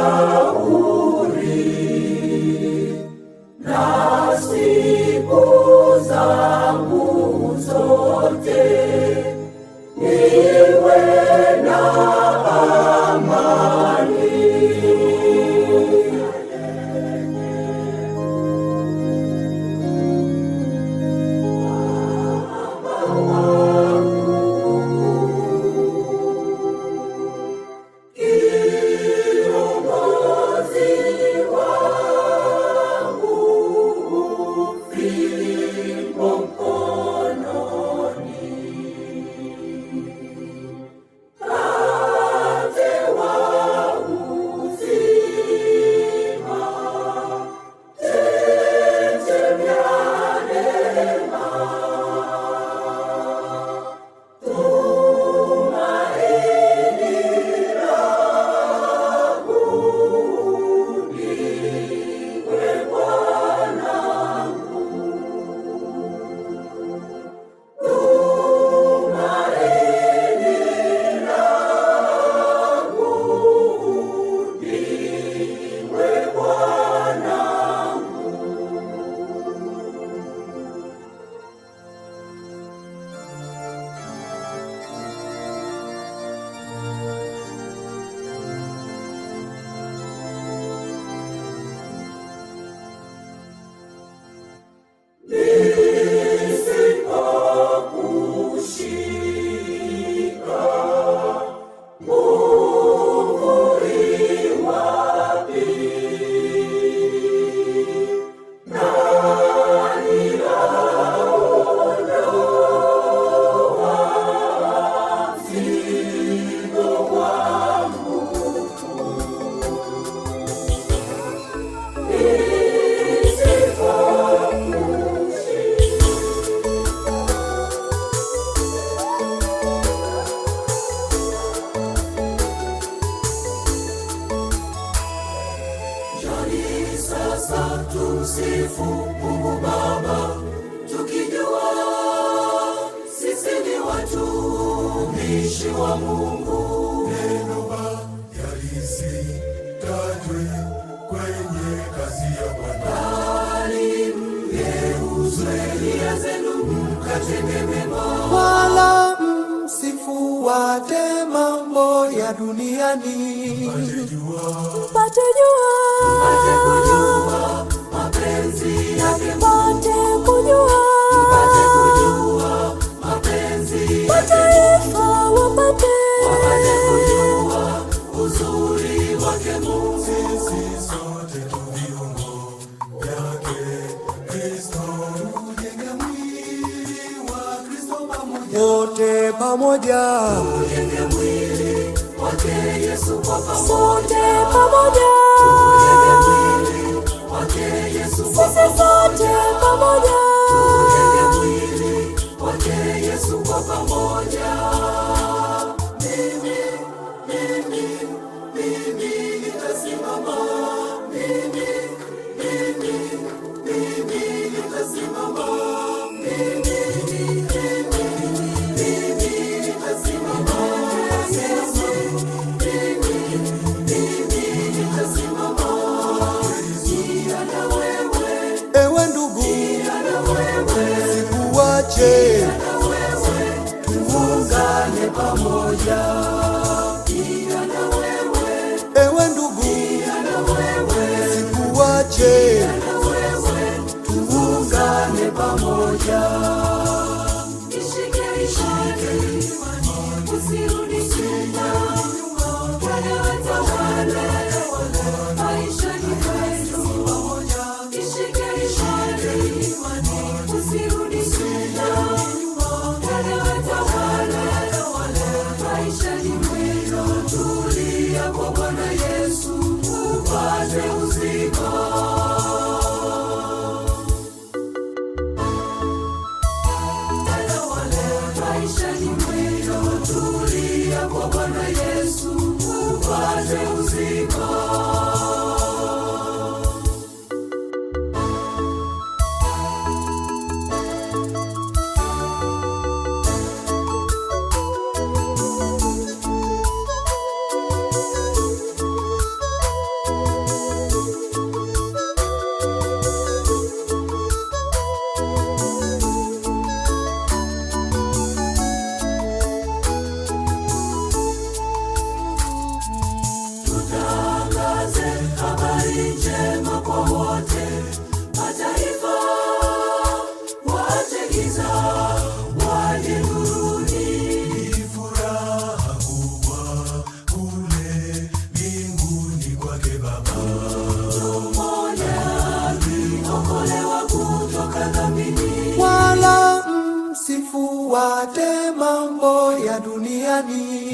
Yahweh. tumsifu Mungu Baba tukijua sisi ni watumishi wa Mungu. Neno yalisitajwe kwenye kazi ya Bwana, bali mgeuzwe nia zenu mkatende mema, wala msifuate mambo ya duniani mpate jua wote pamoja, Yesu kwa pamoja, sote pamoja, Yesu kwa pamoja pamoja, pia ewe ndugu, pia tuungane pamoja, ishike ishara seus iguais. wate mambo ya duniani,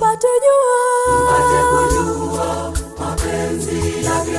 pate jua mapenzi yake